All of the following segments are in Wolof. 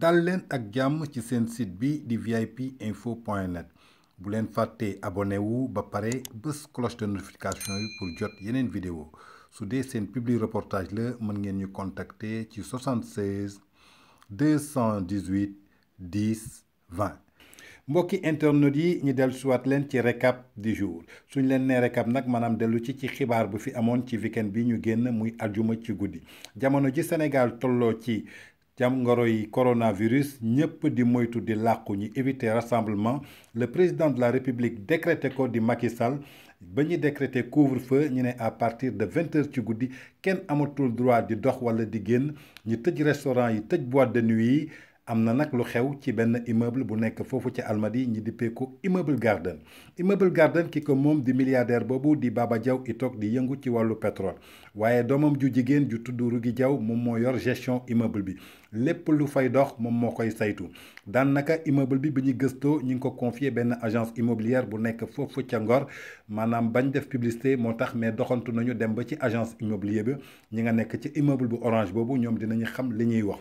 dal leen ak jàmm ci seen site bi di vip info point net bu leen fàttee abonné wu ba pare bés cloche de notification yi pour jot yeneen vidéo su dee seen publi reportage la mën ngeen ñu contacter ci 76 218 10 20 mbokki internet yi ñu dellu siwaat leen ci récap di jour suñ leen nee récap nag maanaam dellu ci ci xibaar bu fi amoon ci weekend bi ñu génn muy aljuma ci guddi jamono ji Sénégal tolloo ci ci jàngoro yi coronavirus ñëpp di moytu di làqu ñu éviter rassemblement le président de la république décrété ko di Macky Sall ba ñuy décrété couvre-feu ñu ne à partir de vingt heures ci guddi kenn amatul droit di dox wala di génn ñu tëj restaurant yi tëj boîte de nuit yi. am na nag lu xew ci benn immeuble bu nekk foofu ci Almadi ñi dippee ko immeuble Garden immeuble Garden ki ko moom di milliardaire boobu di Baba Diaw Itok di yëngu ci wàllu pétrole waaye doomam ju jigéen ju tudd Rougui Diaw moom moo yor gestion immeuble bi lépp lu fay dox moom moo koy saytu daanaka immeuble bi bi ñu gëstoo ñu ngi ko confier benn agence immobilière bu nekk foofu ca Ngor maanaam bañ def publicité moo tax mais doxantu nañu dem ba ci agence immobilière bi ñi nga nekk ci immeuble bu boobu ñoom dinañu xam li ñuy wax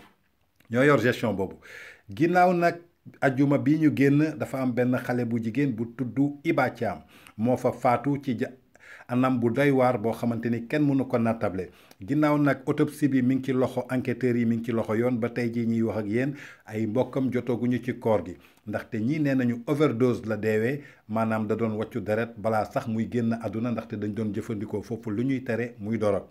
ñoo yor gestion boobu ginnaaw nag ajuma bi ñu génn dafa am benn xale bu jigéen bu tudd Iba Thiam moo fa faatu ci ja anam bu doy waar boo xamante ni kenn mënu ko nattable ginnaaw nag autopsie bi mi ngi ci loxo enquêteurs yi mi ngi ci loxo yoon ba tey jii ñuy wax ak yéen ay mbokkam jotoguñu ci koor gi ndaxte ñii nee nañu overdose la deewee maanaam da doon wàccu deret balaa sax muy génn àdduna ndaxte dañ doon jëfandikoo foofu lu ñuy tere muy dorog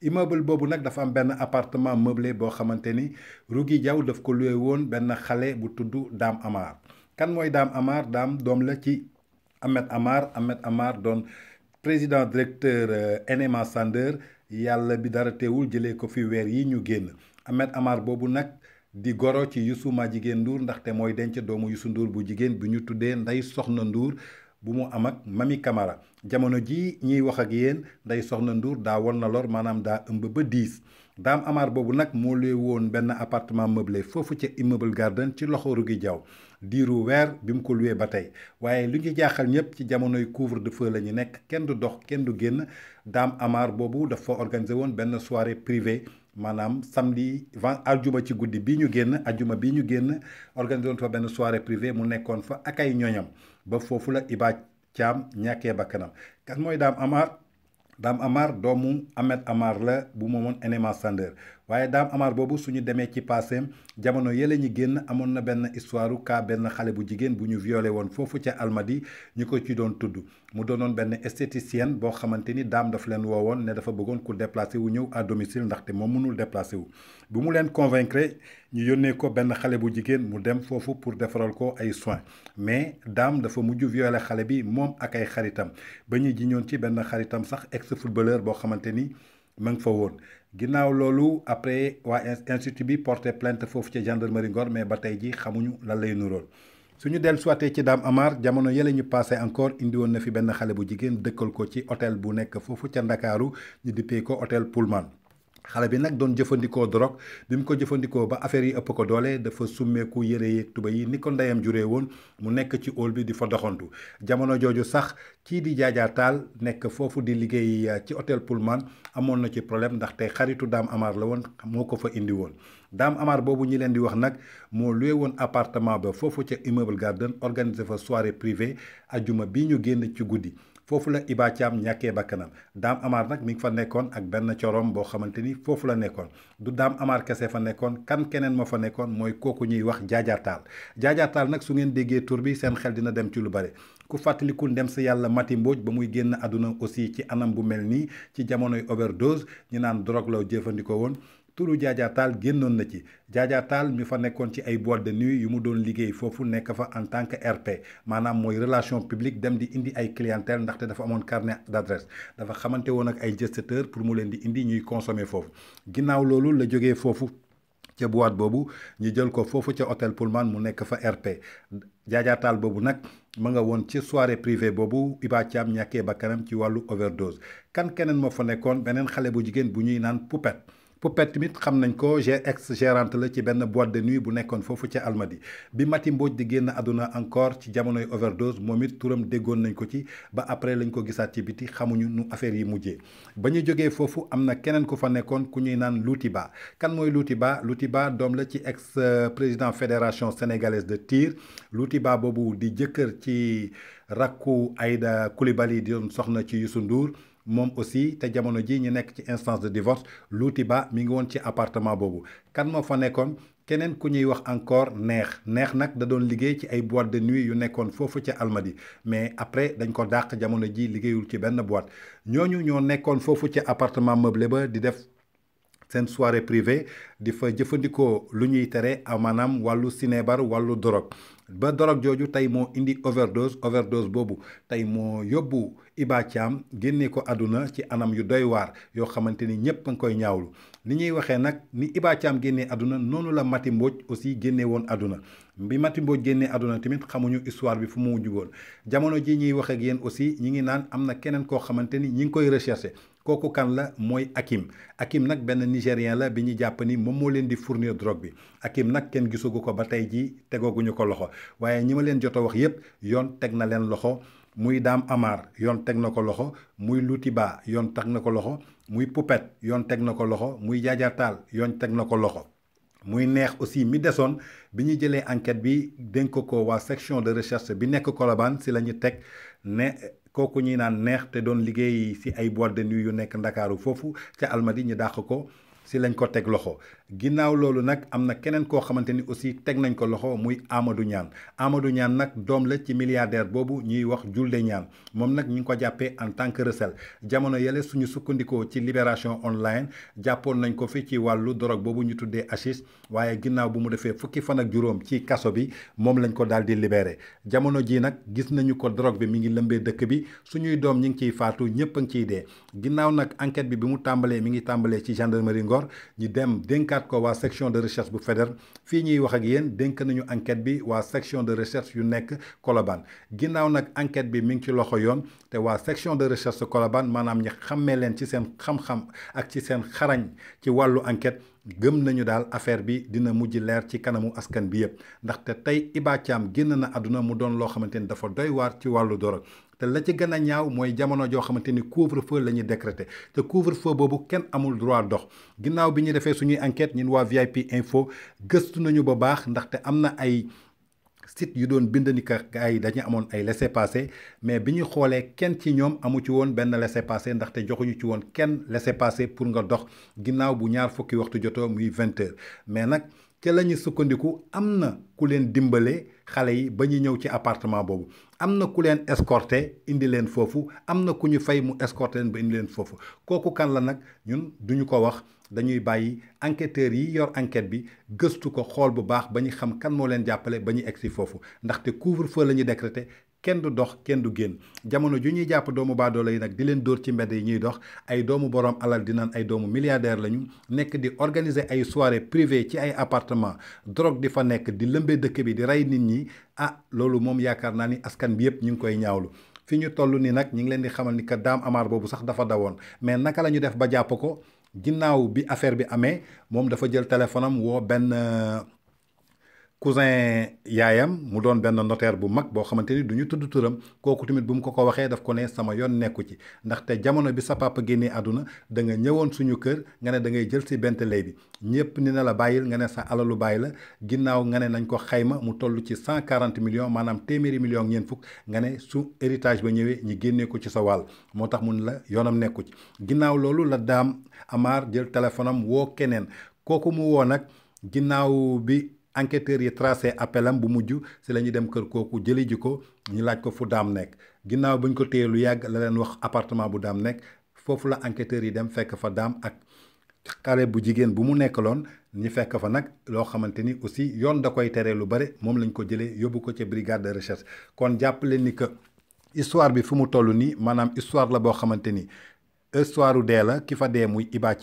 immeuble boobu nag dafa am benn appartement meublé boo xamante ni Rougui Diaw daf ko luwe woon benn xale bu tudd daam Amar kan mooy Dame Amar daam doom la ci Ahmed Amar Ahmed Amar doon président directeur euh, NMA Sander yàlla bi dara teewul jëlee ko fi weer yi ñu génn Ahmed Amar boobu nag di goro ci Youssou Madjiguène Ndour ndaxte mooy denc doomu Youssou nduur bu jigéen bi ñu tuddee Ndeye Soxna nduur bu mu am ak Mamy Camara jamono ji ñuy wax ak yéen Ndeye Soxna nduur daa wal na lor maanaam daa ëmb ba diis daam amaar boobu nag moo luy woon benn appartement meublé foofu ca immeuble garden ci loxo Rougui Diaw diiru weer bi mu ko luwee ba tey waaye li ñu jaaxal ñëpp ci jamonoy couvre-feu la ñu nekk kenn du dox kenn du génn daam amaar boobu dafa organisé woon benn soirée privée maanaam samedi vent aljuma ci guddi bi ñu génn aljuma bi ñu génn organisé woon fa benn soirée mu nekkoon fa ak ay ñoñam ba foofu la Iba Thiam ñàkkee bakkanam kan mooy Dame Amar daam Amar doomu Ahmed Amar la bu moomoon NMA Sanders waaye daam amaar boobu suñu demee ci passeem jamono yële ñi génn amoon na benn histoire ka benn xale bu jigéen bu ñu violé woon foofu ca Almadi ñu ko ci doon tudd mu doonoon benn esthéticienne boo xamante ni daam dafa leen woowoon ne dafa bëggoon ku déplacé wu ñëw à domicile ndaxte moom mënul déplacé wu bu mu leen convaincre ñu yónnee ko benn xale bu jigéen mu dem foofu pour defaral ko ay soins mais daam dafa mujj violé xale bi moom ak ay xaritam ba ñuy jiñoon ci benn xaritam sax ex boo xamante ni ma ngi fa woon ginnaaw loolu après waa institut bi porté plainte foofu ci gendarmerie Ngor mais ba tey ji xamuñu lan lay nurool suñu dellu suité ci Dame Amar jamono yële ñu passé encore indi woon na fi benn xale bu jigéen dëkkal ko ci hôtel bu nekk foofu ca Ndakaaru ñu dippee ko otel Pullman xale bi nag doon jëfandikoo drogue bi mu ko jëfandikoo ba affaire yi ëpp ko doole dafa summeeku yëre yeeg tuba yi ni ko ndeyam juree woon mu nekk ci óol bi di fa doxantu jamono jooju sax kii di jaajaataal nekk foofu di liggéey euh, ci hôtel Pullman amoon na ci problème ndax tey xaritu daam Amar la woon moo ko fa indi woon daam Amar boobu ñi leen di wax nag moo luye woon appartement ba foofu ca immeuble garden organiser fa soirée privée ajuma bi ñu génn ci guddi foofu la Iba Thiam ñàkkee bakkanam Dame Amar nag mi ngi fa nekkoon ak benn corom boo xamante ni foofu la nekkoon du Dame Amar kese fa nekkoon kan keneen moo fa nekkoon mooy kooku ñuy wax jaajaataal jaajaataal nag su ngeen déggee tur bi seen xel dina dem ci lu bare ku fàttalikul dem sa yàlla Mati Mbodj ba muy génn àdduna aussi ci anam bu mel nii ci jamonoy overdose ñi naan drogue la jëfandikoo woon turu Jaaja génnoon na ci Jaaja Taal mi fa nekkoon ci ay boîte de nuit yu mu doon liggéey foofu nekk fa en tant que RP maanaam mooy relation publique dem di indi ay clientèle ndaxte dafa amoon carnet d'adresse dafa xamante woon ak ay gestionnaire pour mu leen di indi ñuy consommer foofu ginnaaw loolu la jóge foofu ca boit boobu ñu jël ko foofu ca hôtel Pullman mu nekk fa RP Jaaja boobu nag ma nga woon ci soirée privée boobu Iba Thiam ñàkkee bakkanam ci wàllu overdose kan keneen moo fa nekkoon beneen xale bu jigéen bu ñuy naan Poupette Poupette tamit xam nañ ko ex gérante la ci benn boîte de nuit bu nekkoon foofu ca Almadi bi Mati di génn àdduna encore ci jamonoy overdose moom it turam déggoon nañ ko ci ba après lañ ko gisaat ci biti xamuñu nu affaire yi mujjee ba ñu jógee foofu am na keneen ku fa nekkoon ku ñuy naan Louti Ba kan mooy Louti Ba Louti Ba doom la ci ex président fédération sénégalaise de tir Louti Ba boobu di jëkkër ci rakku ayda Coulibaly di doon soxna ci Youssou Ndour moom aussi te jamono ji ñu nekk ci instance de divorce Louty Ba mi ngi woon ci apartement boobu kan moo fa nekkoon keneen ku ñuy wax encore neex neex nag da doon liggéey ci ay boîte de nuit yu nekkoon foofu ca Almadi mais après dañ ko dàq jamono ji liggéeyul ci benn boîte ñooñu ñoo nekkoon foofu ca appartement meublé ba di def seen soirée privée di fa jëfandikoo lu ñuy tere maanaam wàllu sinébar wàllu dorog ba dorog jooju tey moo indi overdose overdose boobu tey moo yóbbu Iba génnee ko adduna ci anam yu doy waar yoo xamante ni ñëpp a ngi koy ñaawlu ni ñuy waxee nag ni Iba Thiam génnee àdduna noonu la Mati Mbodj aussi génnee woon àdduna bi Mati Mbodj génnee àdduna tamit xamuñu histoire bi fu mu jugoon jamono ji ñuy wax ak aussi ñi ngi naan am na keneen koo xamante ni ñi ngi koy recherché kooku kan la mooy Hakim Hakim nag benn nigérien la bi ñu jàpp ni moom moo leen di fournir drogue bi Hakim nag kenn gisagu ko ba tey jii tegooguñu ko loxo waaye ñi ma leen jot a wax yépp yoon teg na leen loxo muy Dame Amar yoon teg na ko loxo muy Loutiba yoon teg na ko loxo muy Poupette yoon teg na ko loxo muy Jaajataal yoon teg na ko loxo muy neex aussi mi desoon bi ñu jëlee enquête bi dénk ko waa section de recherche bi nekk Colobane si lañu ñu teg ne kooku ñuy naan neex te doon liggéey si ay boîte de nuit yu nekk ndakaaru foofu ca almadi ñu dàq ko si lañ ko teg loxo ginnaaw loolu nag am na keneen koo xamante ni aussi teg nañ ko loxo muy amadu ñaan Amadou Niane nag doom la ci milliardaire boobu ñuy wax Diouldé ñaan moom nag ñu ngi ko jàppee en tant que recel jamono yële suñu sukkandikoo ci Libération Online jàppoon nañ ko fi ci wàllu dorog boobu ñu tuddee hachis waaye ginnaaw bu mu defee fukki fan ak juróom ci kaso bi moom lañ ko daal di libéré jamono ji nag gis nañu ko dorog bi mu ngi lëmbee dëkk bi suñuy doom ñi ngi ciy faatu ñëpp a ciy dee ginnaaw nag bi bi mu tàmbalee mi ngi tàmbalee ci gendarmerie Ngor ñu dem dénkaat ko waa section de recherche bu FEDER fii ñuy wax ak yéen dénk nañu enquête bi waa section de recherche yu nekk Colobane ginnaaw nag enquête bi mi ngi ci loxo yoon te waa section de recherche Colobane maanaam ñi xàmmee leen ci seen xam-xam ak ci seen xarañ ci wàllu enquête gëm nañu daal affaire bi dina mujj leer ci kanamu askan bi yëpp ndaxte tey Iba génn na àdduna mu doon loo xamante ni dafa doy waat ci wàllu doro te la ci gën a ñaaw mooy jamono joo xamante ni couvre-feu la ñuy décrété te couvre-feu boobu kenn amul droit dox ginnaaw bi ñu defee suñuy enquête ñun waa VIP info gëstu nañu ba baax ndaxte am na ay site yu doon bind ni ka ay dañu amoon ay laissez-passer mais bi ñu xoolee kenn ci ñoom amu ci woon benn laissez-passer ndaxte joxuñu ci woon kenn laissez-passer pour nga dox ginnaaw bu ñaar fukki waxtu jotoo muy 20 heures mais nag. ca la ñu sukkandiku am na ku leen dimbale xale yi ba ñu ñëw ci appartement boobu am na ku leen escorté indi leen foofu am na ku ñu fay mu escorté leen ba indi leen foofu kooku kan la nag ñun duñu ko wax dañuy bàyyi enquêteurs yi yor enquête bi gëstu ko xool bu baax ba ñu xam kan moo leen jàppale ba ñu egsi foofu ndaxte couvre-feu la ñu décrété kenn du dox kenn du génn jamono ju ñuy jàpp doomu baadoola yi nag di leen dóor ci mbedd yi ñuy dox ay doomu borom alal di naan ay doomu milliardaire lañu nekk di organiser ay soirée privée ci ay apartement drogue di fa nekk di lëmbee dëkk bi di rey nit ñi ah loolu moom yaakaar naa ni askan bi yëpp ñu ngi koy ñaawlu fi ñu toll nii nag ñu ngi leen di xamal ni que Dame amaar boobu sax dafa dawoon mais naka la ñu def ba jàpp ko ginnaaw bi affaire bi amee moom dafa jël téléphone am woo benn. Euh, cousin yaayam mu doon benn notaire bu mag boo xamante ni du ñu tudd turam kooku tamit bu mu ko ko waxee daf ko ne sama yoon nekku ci ndaxte jamono bi sa papa génnee àdduna danga nga ñëwoon suñu kër nga ne da ngay jël si bent lay bi ñëpp ni na la bàyyil nga ne sa alalu bàyyi la ginnaaw nga ne nañ ko xayma mu toll ci cent quarante millions maanaam téeméeri millions ñeent fukk nga ne su héritage ba ñëwee ñi génnee ko ci sa wàll moo tax mun la yoonam nekku ci ginnaaw loolu la daam Amar jël téléphone am woo keneen kooku mu woo nag ginnaaw bi. enquêteurs yi tracé appelam bu mujj si la ñuy dem kër kooku jëli ji ko ñu laaj ko fu daam nekk ginnaaw bu ñu ko téyee lu yàgg la leen wax appartement bu daam nekk foofu la enquêteurs yi dem fekk fa daam ak xale bu jigéen bu mu nekkaloon ñu fekk fa nag loo xamante ni aussi yoon da koy teree lu bare moom lañ ko jëlee yóbbu ko ca brigade de recherche kon jàpp leen ni que histoire bi fu mu toll nii maanaam histoire la boo xamante ni histoire u dee la ki fa dee muy Iba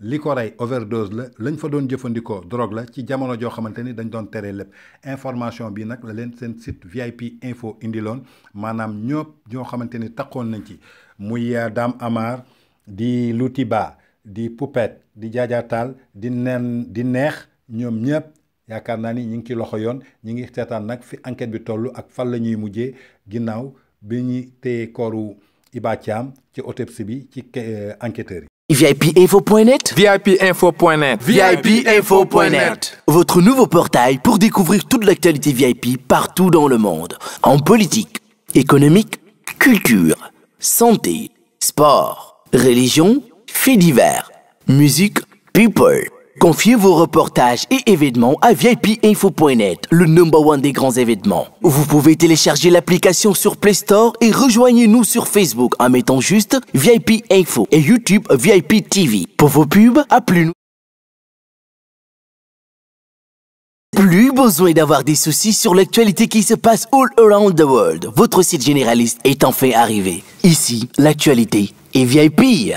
li ko rey overdose la lañ fa doon jëfandikoo drogue la ci jamono joo xamante ni dañ doon tere lépp information bi nag la leen seen site VIP info indiloon maanaam ñoom ñoo xamante ni taxoon nañ ci muy euh, Dame Amar di Loutiba di Poupette di Jaajaataal di nen di neex ñoom ñëpp yaakaar naa ni ñu ngi ci loxo yoon ñu ngi seetaan nag fi enquête bi toll ak fan la ñuy mujjee ginnaaw bi ñu te kooru Iba Thiam ci autopsie bi ci euh, enquêteurs yi. VIPinfo.net VIPinfo.net VIPinfo.net Votre nouveau portail pour découvrir toute l'actualité VIP partout dans le monde. En politique, économique, culture, santé, sport, religion, faits divers, musique, people. Confiez vos reportages et événements à VIPinfo.net, le number one des grands événements. Vous pouvez télécharger l'application sur Play et rejoignez sur Facebook en mettant juste VIP Info et YouTube VIP TV. Pour vos à plus besoin d'avoir des soucis sur l'actualité qui se passe all around the world. Votre site généraliste est enfin arrivé. Ici, l'actualité est VIP.